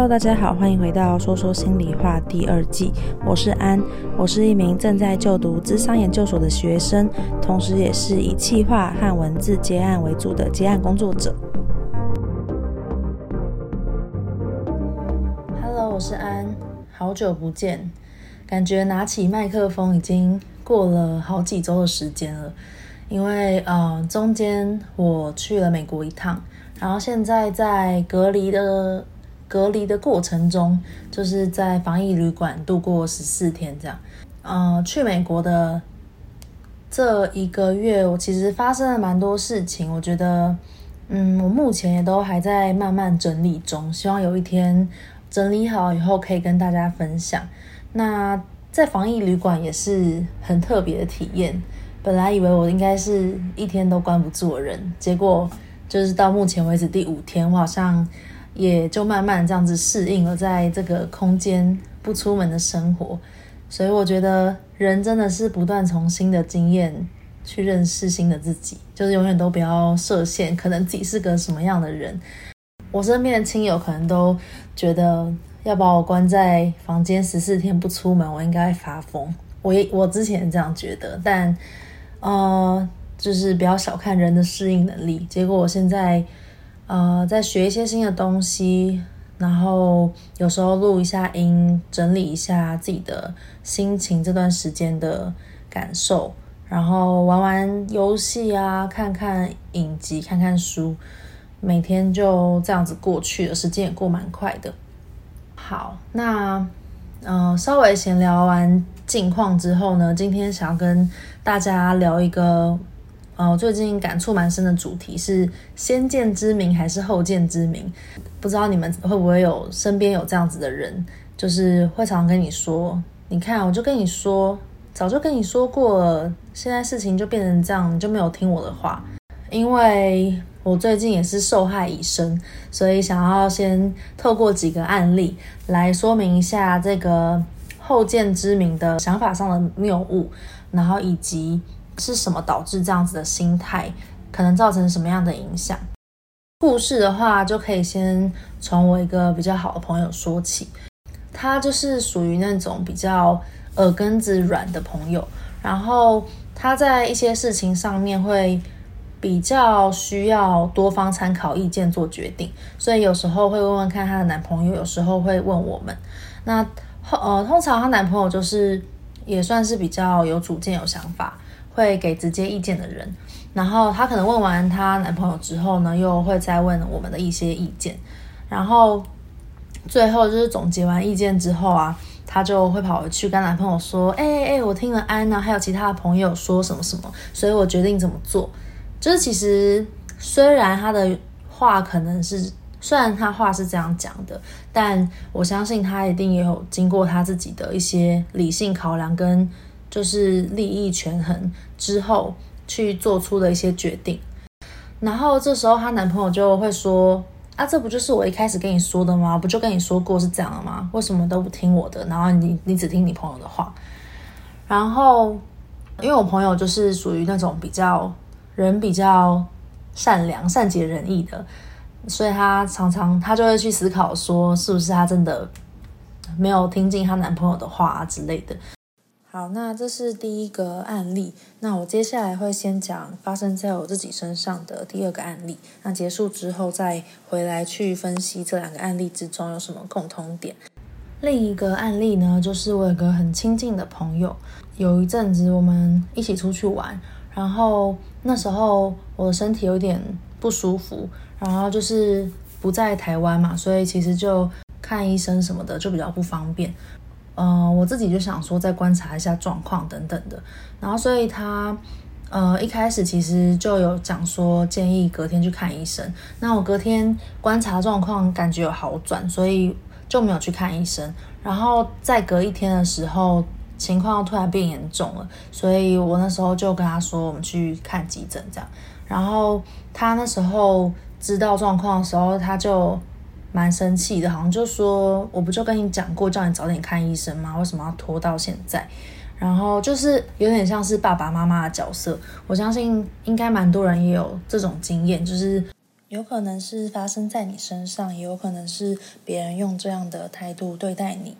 Hello，大家好，歡迎回到《說說心理話》第二季。我是安，我是一名正在就讀諮商研究所的學生，同時也是以氣話和文字接案為主的接案工作者。Hello，我是安，好久不見，感覺拿起麥克風已經過了好幾周的時間了，因為呃，中間我去了美國一趟，然後現在在隔離的。隔離的過程中，就是在防疫旅館度過十四天，這樣。呃，去美國的這一個月，我其實發生了蠻多事情。我覺得，嗯，我目前也都還在慢慢整理中。希望有一天整理好以後，可以跟大家分享。那在防疫旅館也是很特別的體驗。本來以為我應該是一天都關不住的人，結果就是到目前為止第五天，我好像。也就慢慢這樣子適應了，在這個空間不出門的生活，所以我覺得人真的是不斷從新的經驗去認識新的自己，就是永遠都不要設限，可能自己是個什麼樣的人。我身邊的親友可能都覺得要把我關在房間十四天不出門，我應該會發瘋。我也我之前這樣覺得，但呃，就是不要小看人的適應能力。結果我現在。呃，在學一些新的東西，然後有時候錄一下音，整理一下自己的心情，這段時間的感受，然後玩玩遊戲啊，看看影集，看看書，每天就這樣子過去了，時間也過蠻快的。好，那嗯、呃，稍微閒聊完近況之後呢，今天想要跟大家聊一個。呃，最近感觸蠻深的主題，是先見之明還是後見之明？不知道你們會不會有身邊有這樣子的人，就是會常常跟你說：“你看，我就跟你說，早就跟你說過了，現在事情就變成這樣，你就沒有聽我的話。”因為我最近也是受害已深，所以想要先透過幾個案例來說明一下這個後見之明的想法上的謬誤，然後以及。是什麼導致這樣子的心態？可能造成什麼樣的影響？故事的話，就可以先從我一個比較好的朋友說起。他就是屬於那種比較耳根子軟的朋友，然後他在一些事情上面會比較需要多方參考意見做決定，所以有時候會問問看她的男朋友，有時候會問我們。那後呃，通常她男朋友就是也算是比較有主見、有想法，會給直接意見的人，然後她可能問完她男朋友之後呢，又會再問我們的一些意見，然後最後就是總結完意見之後啊，她就會跑回去跟男朋友說：“哎、欸、哎、欸，我聽了安娜、啊、還有其他的朋友說什麼什麼，所以我決定怎麼做。”就是其實雖然她的話可能是，雖然她話是這樣講的，但我相信她一定也有經過她自己的一些理性考量跟。就是利益權衡之後去做出的一些決定，然後這時候她男朋友就會說：“啊，這不就是我一開始跟你說的嗎？不就跟你說過是這樣的嗎？為什麼都不聽我的？然後你你只聽你朋友的話？然後因為我朋友就是屬於那種比較人比較善良、善解人意的，所以她常常她就會去思考說，是不是她真的沒有聽進她男朋友的話啊之類的。”好，那這是第一個案例。那我接下來會先講發生在我自己身上的第二個案例。那結束之後再回來去分析這兩個案例之中有什麼共通點。另一個案例呢，就是我有一個很親近的朋友，有一陣子我們一起出去玩，然後那時候我的身體有點不舒服，然後就是不在台灣嘛，所以其實就看醫生什麼的就比較不方便。嗯、呃，我自己就想說再觀察一下狀況等等的，然後所以他，呃，一開始其實就有講說建議隔天去看醫生。那我隔天觀察狀況，感覺有好轉，所以就沒有去看醫生。然後再隔一天的時候，情況突然變嚴重了，所以我那時候就跟他說我們去看急診這樣。然後他那時候知道狀況的時候，他就蠻生氣的，好像就說我不就跟你講過，叫你早點看醫生嗎？為什麼要拖到現在？然後就是有點像是爸爸媽媽的角色。我相信應該蠻多人也有這種經驗，就是有可能是發生在你身上，也有可能是別人用這樣的態度對待你。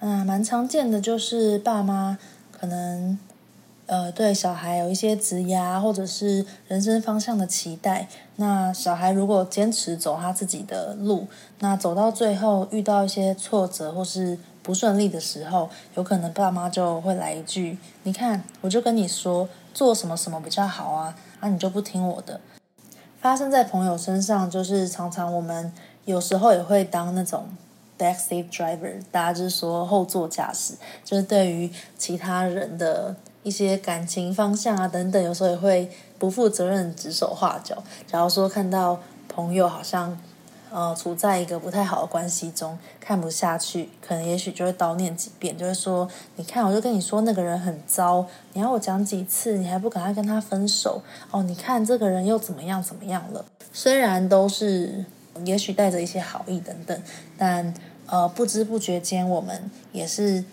嗯，蠻常見的就是爸媽可能。呃，對小孩有一些職業，或者是人生方向的期待。那小孩如果堅持走他自己的路，那走到最後遇到一些挫折或是不順利的時候，有可能爸媽就會來一句：“你看，我就跟你說做什麼什麼比較好啊，那、啊、你就不聽我的。”發生在朋友身上，就是常常我們有時候也會當那種 backseat driver，大家就是說後座駕駛，就是對於其他人的。一些感情方向啊等等，有時候也會不負責任指手畫腳。假如說看到朋友好像，呃，處在一個不太好的關係中，看不下去，可能也許就會叨念幾遍，就會說：“你看，我就跟你說那個人很糟，你要我講幾次，你還不趕快跟他分手哦？你看這個人又怎麼樣怎麼樣了？”雖然都是也許帶着一些好意等等，但呃，不知不覺間，我們也是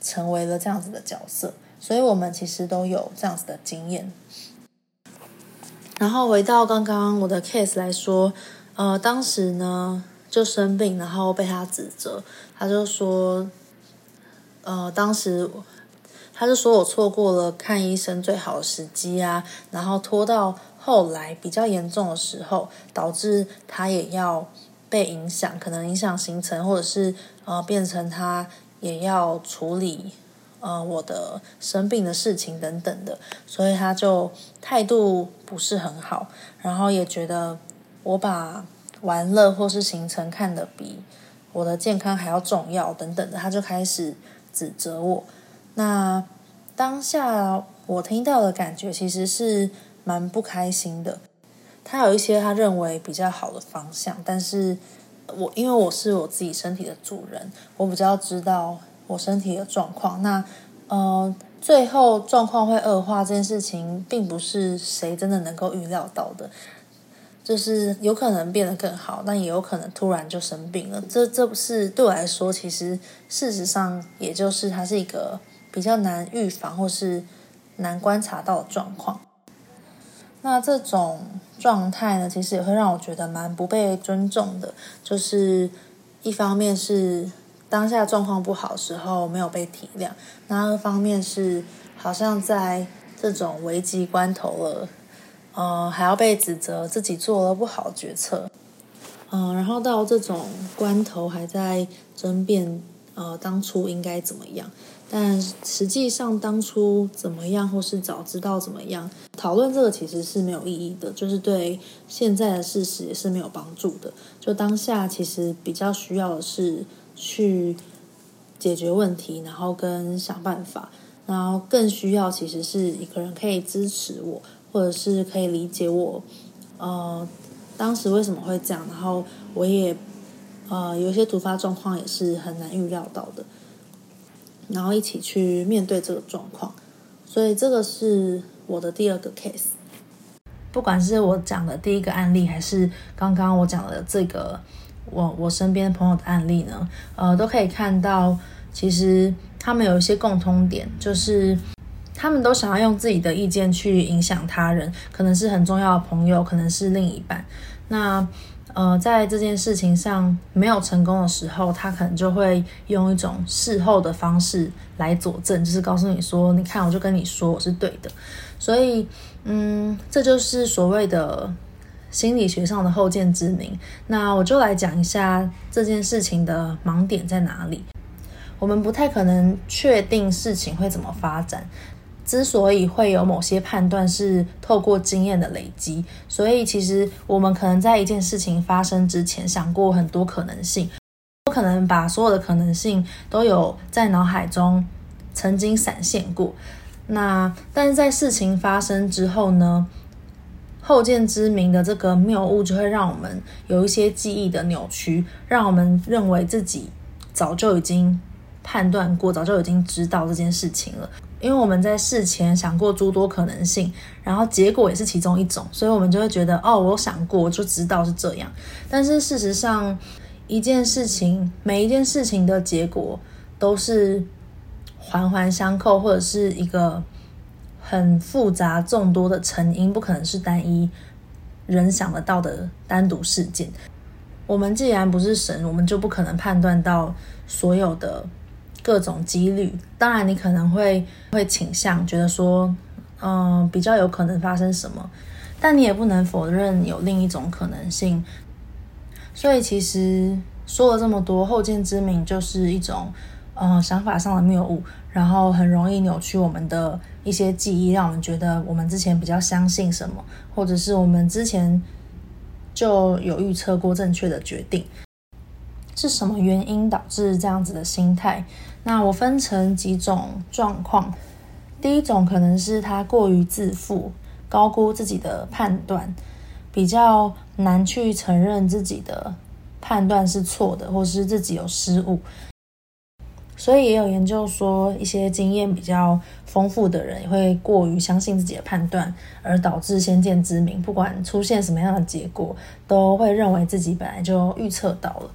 成為了這樣子的角色。所以我們其實都有這樣子的經驗。然後回到剛剛我的 case 來說，呃，當時呢就生病，然後被他指責，他就說，呃，當時他就說我錯過了看醫生最好的時機啊，然後拖到後來比較嚴重的時候，導致他也要被影響，可能影響行程，或者是呃變成他也要處理。呃，我的生病的事情等等的，所以他就態度不是很好，然後也覺得我把玩樂或是行程看得比我的健康還要重要等等的，他就開始指責我。那當下我聽到的感覺其實是蠻不開心的。他有一些他認為比較好的方向，但是我因為我是我自己身體的主人，我比較知道。我身體的狀況，那呃，最後狀況會惡化這件事情，並不是誰真的能夠預料到的。就是有可能變得更好，但也有可能突然就生病了。這這不是對我來說，其實事實上也就是它是一個比較難預防或是難觀察到的狀況。那這種狀態呢，其實也會讓我覺得蠻不被尊重的，就是一方面是。當下狀況不好的時候，沒有被體諒，那二方面是好像在這種危機關頭了，呃，還要被指責自己做了不好決策，嗯、呃，然後到這種關頭還在爭辯，呃，當初應該怎麼樣？但實際上當初怎麼樣，或是早知道怎麼樣，討論這個其實是沒有意義的，就是對現在的事實也是沒有幫助的。就當下其實比較需要的是去解決問題，然後跟想辦法，然後更需要其實是一個人可以支持我，或者是可以理解我。呃，當時為什麼會這樣？然後我也呃，有些突發狀況也是很難預料到的，然後一起去面對這個狀況。所以這個是我的第二個 case。不管是我講的第一個案例，還是剛剛我講的這個。我我身邊朋友的案例呢，呃，都可以看到，其實他們有一些共通點，就是他們都想要用自己的意見去影響他人，可能是很重要的朋友，可能是另一半。那呃，在這件事情上沒有成功的時候，他可能就會用一種事後的方式來佐證，就是告訴你說，你看，我就跟你說我是對的。所以，嗯，這就是所謂的。心理學上的後見之明，那我就來講一下這件事情的盲點在哪裡。我們不太可能確定事情會怎麼發展。之所以會有某些判斷，是透過經驗的累積。所以，其實我們可能在一件事情發生之前，想過很多可能性。我可能把所有的可能性都有在腦海中曾經閃現過。那但是在事情發生之後呢？後見之明的這個謬誤，就會讓我們有一些記憶的扭曲，讓我們認為自己早就已經判斷過，早就已經知道這件事情了。因為我們在事前想過諸多可能性，然後結果也是其中一種，所以我們就會覺得哦，我想過，就知道是這樣。但是事實上，一件事情，每一件事情的結果都是環環相扣，或者是一個。很複雜、眾多的成因，不可能是單一人想得到的單獨事件。我們既然不是神，我們就不可能判斷到所有的各種幾率。當然，你可能會會傾向覺得說，嗯，比較有可能發生什麼，但你也不能否認有另一種可能性。所以，其實說了這麼多，後見之明就是一種，呃，想法上的謬誤，然後很容易扭曲我們的。一些記憶，讓我們覺得我們之前比較相信什麼，或者是我們之前就有預測過正確的決定。是什麼原因導致這樣子的心態？那我分成幾種狀況。第一種可能是他過於自負，高估自己的判斷，比較難去承認自己的判斷是錯的，或是自己有失誤。所以也有研究說，一些經驗比較豐富的人也會過於相信自己的判斷，而導致先見之明。不管出現什麼樣的結果，都會認為自己本來就預測到了。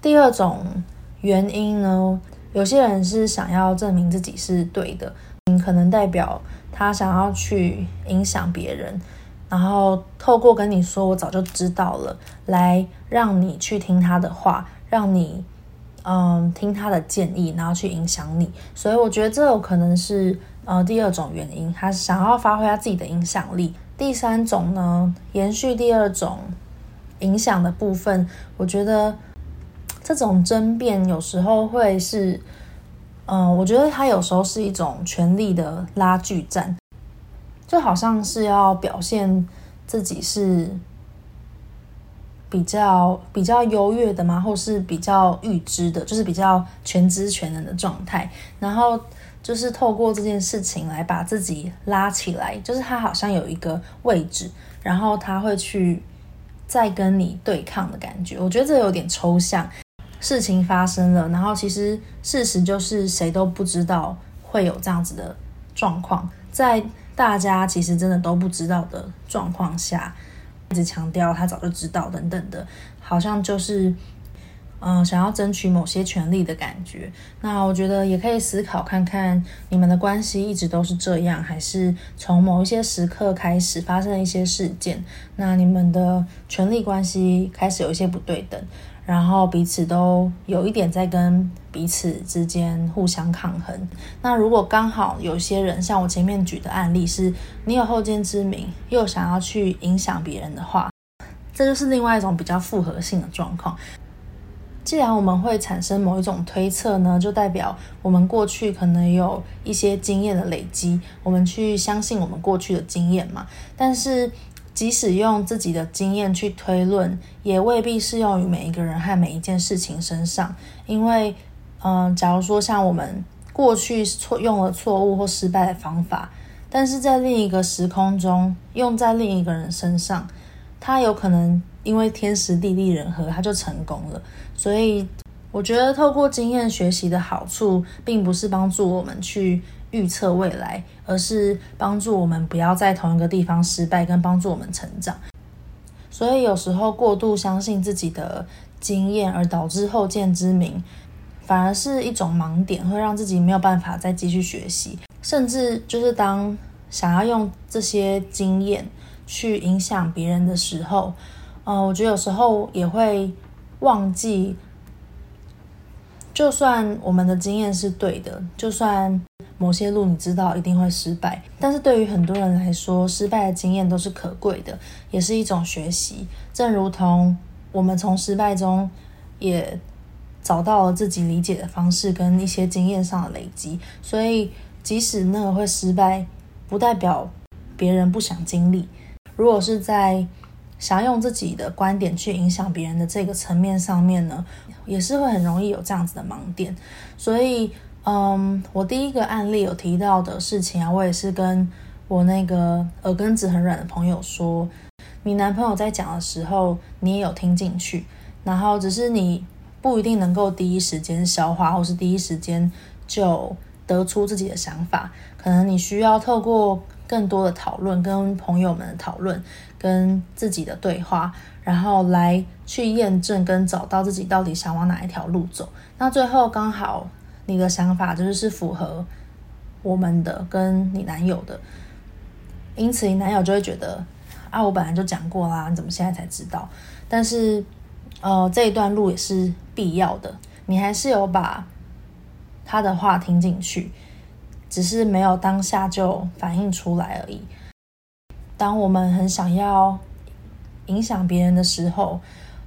第二種原因呢，有些人是想要證明自己是對的，可能代表他想要去影響別人，然後透過跟你說“我早就知道了”來讓你去聽他的話，讓你。嗯，聽他的建議，然後去影響你，所以我覺得這有可能是呃第二種原因，他想要發揮他自己的影響力。第三種呢，延續第二種影響的部分，我覺得這種爭辯有時候會是，嗯、呃，我覺得他有時候是一種權力的拉鋸戰，就好像是要表現自己是。比較比較優越的嘛，或是比較預知的，就是比較全知全能的狀態。然後就是透過這件事情來把自己拉起來，就是他好像有一個位置，然後他會去再跟你對抗的感覺。我覺得這有點抽象。事情發生了，然後其實事實就是誰都不知道會有這樣子的狀況，在大家其實真的都不知道的狀況下，一直強調他早就知道等等的，好像就是，嗯、呃，想要爭取某些權利的感覺。那我覺得也可以思考看看，你們的關係一直都是這樣，還是從某一些時刻開始發生了一些事件，那你們的權力關係開始有一些不對等。然後彼此都有一點在跟彼此之間互相抗衡。那如果剛好有些人像我前面舉的案例是，是你有後見之明又想要去影響別人的話，這就是另外一種比較複合性的狀況。既然我們會產生某一種推測呢，就代表我們過去可能有一些經驗的累積，我們去相信我們過去的經驗嘛。但是。即使用自己的經驗去推論，也未必適用於每一個人和每一件事情身上。因為，嗯，假如說像我們過去錯用了錯誤或失敗的方法，但是在另一個時空中用在另一個人身上，他有可能因為天時地利人和，他就成功了。所以，我覺得透過經驗學習的好處，並不是幫助我們去。預測未來，而是幫助我們不要在同一個地方失敗，跟幫助我們成長。所以有時候過度相信自己的經驗，而導致後見之明，反而是一種盲點，會讓自己沒有辦法再繼續學習。甚至就是當想要用這些經驗去影響別人的時候，嗯、呃，我覺得有時候也會忘記。就算我們的經驗是對的，就算某些路你知道一定會失敗，但是對於很多人來說，失敗的經驗都是可貴的，也是一種學習。正如同我們從失敗中也找到了自己理解的方式跟一些經驗上的累積，所以即使那個會失敗，不代表別人不想經歷。如果是在想用自己的觀點去影響別人的這個層面上面呢，也是會很容易有這樣子的盲點。所以，嗯，我第一個案例有提到的事情啊，我也是跟我那個耳根子很軟的朋友說，你男朋友在講的時候，你也有聽進去，然後只是你不一定能夠第一時間消化，或是第一時間就得出自己的想法，可能你需要透過更多的討論，跟朋友們的討論。跟自己的對話，然後來去驗證跟找到自己到底想往哪一條路走。那最後剛好你的想法就是符合我們的跟你男友的，因此你男友就會覺得啊，我本來就講過啦，你怎麼現在才知道？但是呃，這一段路也是必要的，你還是有把他的話聽進去，只是沒有當下就反應出來而已。當我們很想要影響別人的時候，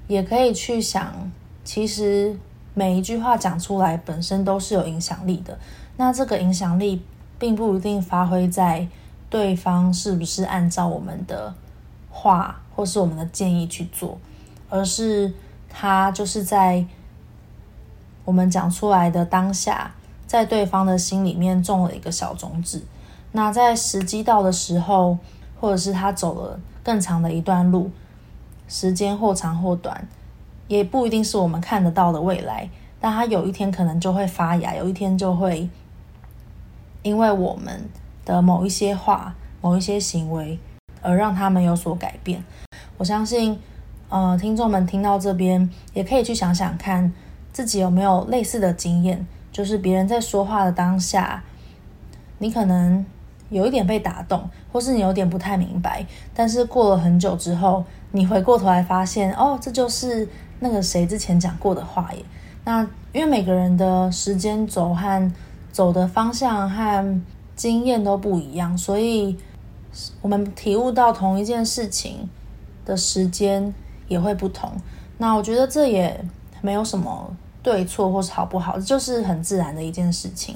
也可以去想，其實每一句話講出來本身都是有影響力的。那這個影響力並不一定發揮在對方是不是按照我們的話或是我們的建議去做，而是他就是在我們講出來的當下，在對方的心裡面種了一個小種子。那在時機到的時候，或者是他走了更長的一段路，時間或長或短，也不一定是我們看得到的未來。但他有一天可能就會發芽，有一天就會因為我們的某一些話、某一些行為而讓他們有所改變。我相信，呃，聽眾們聽到這邊也可以去想想看，自己有沒有類似的經驗，就是別人在說話的當下，你可能……有一點被打動，或是你有點不太明白，但是過了很久之後，你回過頭來發現，哦，這就是那個誰之前講過的話耶。那因為每個人的時間軸和走的方向和經驗都不一樣，所以我們體悟到同一件事情的時間也會不同。那我覺得這也沒有什麼對錯或是好不好，就是很自然的一件事情。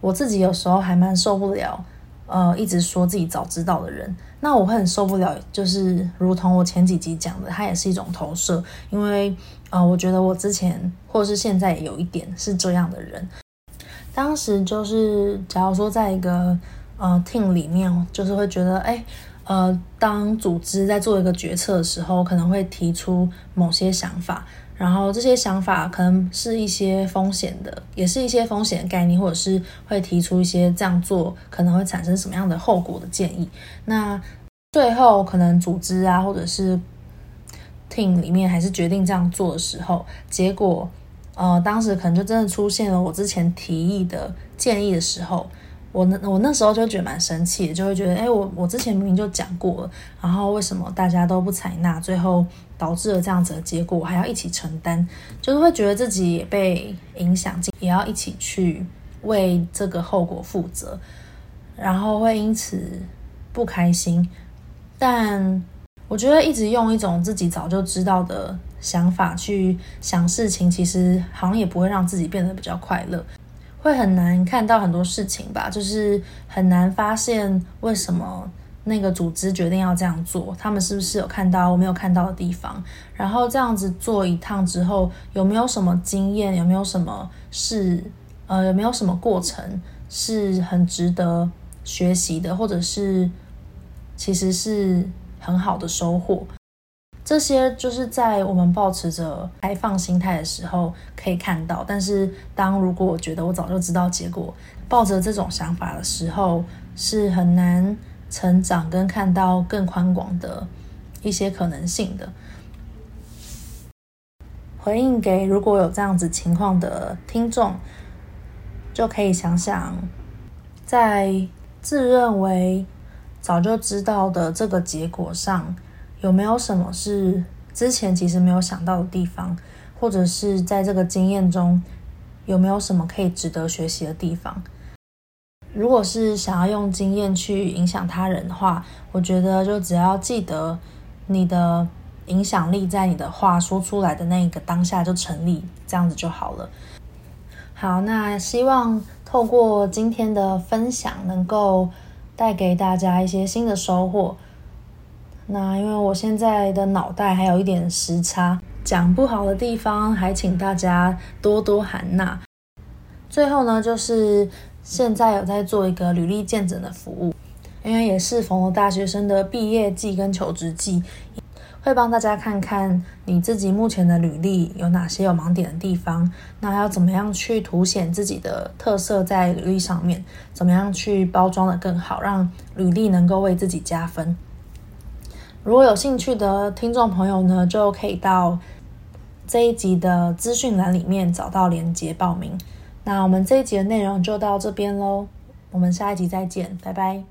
我自己有時候還蠻受不了，呃，一直說自己早知道的人，那我會很受不了。就是如同我前幾集講的，他也是一種投射，因為啊、呃，我覺得我之前或是現在也有一點是這樣的人。當時就是，假如說在一個呃 team 裡面，就是會覺得，哎，呃，當組織在做一個決策的時候，可能會提出某些想法。然後這些想法可能是一些風險的，也是一些風險概念，或者是會提出一些這樣做可能會產生什麼樣的後果的建議。那最後可能組織啊，或者是 team 裡面還是決定這樣做的時候，結果，呃，當時可能就真的出現了我之前提議的建議的時候。我那我那時候就覺得蠻生氣的，就會覺得，哎、欸，我我之前明明就講過了，然後為什麼大家都不採納，最後導致了這樣子的結果，我還要一起承擔，就是會覺得自己也被影響進，也要一起去為這個後果負責，然後會因此不開心。但我覺得一直用一種自己早就知道的想法去想事情，其實好像也不會讓自己變得比較快樂。會很難看到很多事情吧，就是很難發現為什麼那個組織決定要這樣做。他們是不是有看到我沒有看到的地方？然後這樣子做一趟，之後，有沒有什麼經驗？有沒有什麼事？呃，有沒有什麼過程是很值得學習的，或者是其實是很好的收穫。這些就是在我們保持着開放心態的時候可以看到，但是當如果我覺得我早就知道結果，抱着這種想法的時候，是很難成長跟看到更寬廣的一些可能性的。回應給如果有這樣子情況的聽眾，就可以想想，在自認為早就知道的這個結果上。有沒有什麼是之前其實沒有想到的地方，或者是在這個經驗中有沒有什麼可以值得學習的地方？如果是想要用經驗去影響他人的話，我覺得就只要記得你的影響力在你的話說出來的那一個當下就成立，這樣子就好了。好，那希望透過今天的分享能夠帶給大家一些新的收穫。那因為我現在的腦袋還有一點時差，講不好的地方還請大家多多涵納。最後呢，就是現在有在做一個履歷見診的服務，因為也是逢了大學生的畢業季跟求職季，會幫大家看看你自己目前的履歷有哪些有盲點的地方，那要怎麼樣去凸顯自己的特色在履歷上面，怎麼樣去包裝的更好，讓履歷能夠為自己加分。如果有興趣的聽眾朋友呢，就可以到這一集的資訊欄裡面找到連結報名。那我們這一集的內容就到這邊嘍，我們下一集再見，拜拜。